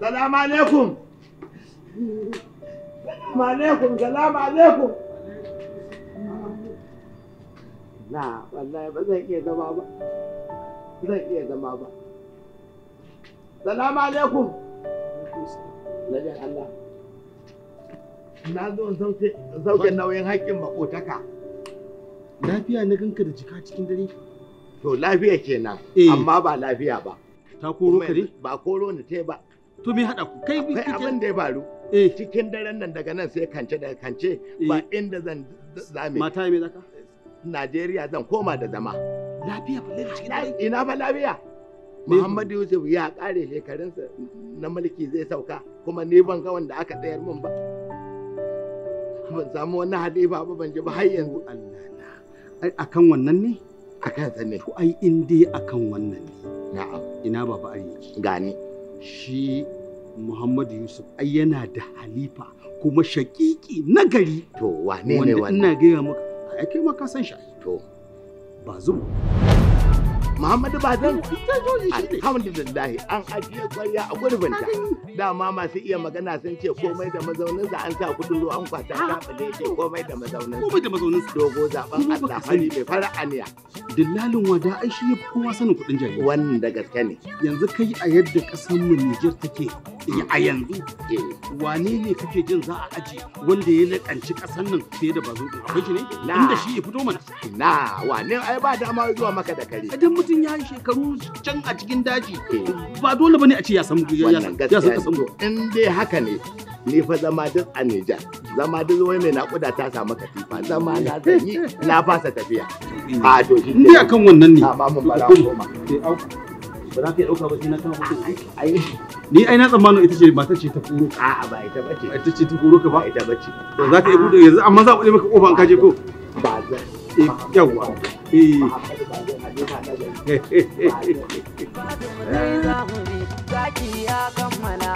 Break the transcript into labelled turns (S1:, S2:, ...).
S1: Salamu alaikum. Salamu alaikum, salamu alaikum. Na, wallahi ba zan iya zama ba. Zan iya zama ba. Salamu alaikum. Lalin Allah. Na zo in sauke nauyin haƙƙin makotaka. Lafiya na ganka da jika cikin dare. to lafiya kenan eh. amma ba lafiya ba ta koro kare? ba koro ni tai ba to me hada ku kai bi kai abin da ya faru eh cikin daren nan daga nan sai kance daga kance eh. ba inda zan zame mata me zaka Najeriya zan koma da zama lafiya ba lafiya ina ba lafiya Muhammadu Yusuf ya kare shekarunsa na mulki zai sauka kuma ni ban ga wanda aka tsayar min ba ban samu wani hadifa ba ban ji ba har yanzu Allah na akan wannan ne akan ta ne to ai in dai akan wannan ne na'am ina baba ari gani shi Muhammadu Yusuf ai yana da halifa kuma shakiki na gari to wane ne wannan wanda ina gaya maka ai kai ma ka san shi to ba Muhammadu Badan alhamdulillahi an ajiye kwarya a gurbinta dama masu iya magana sun ce komai da mazaunin sa an sa kudin ruwa an kwata bale ah. ce komai da mazaunin komai da mazauninsa dogo zaben Allah fari mai fara aniya dillalin wada ai shi kowa sanin kudin jari wannan da gaske ne yanzu kai a yadda kasar mu Niger take sun yi a yanzu eh, wane ne kake jin za a aji wanda ya lakanci kasan nan fiye da bazo din akwai shi ne inda shi ya fito mana na wane ai ba dama zuwa maka da kare idan mutum ya yi shekaru can a cikin daji eh. ba dole bane a ce ya samu ya san kasan in dai haka ne ni fa zama duk a Nijar zama duk wai mai nakuda ta samu katifa zama na zanyi na fasa tafiya eh. a to shi ne akan wannan ne amma mun bara koma ba za ka dauka ba sai na kama mutum ai ni ai na tsammanin ita ce matar ce ta kuro ba ita bace ita ce ta kuro ka ba ita to za ka yi bude yanzu amma za ku bude maka in ka je ko ba za zaki ya kammala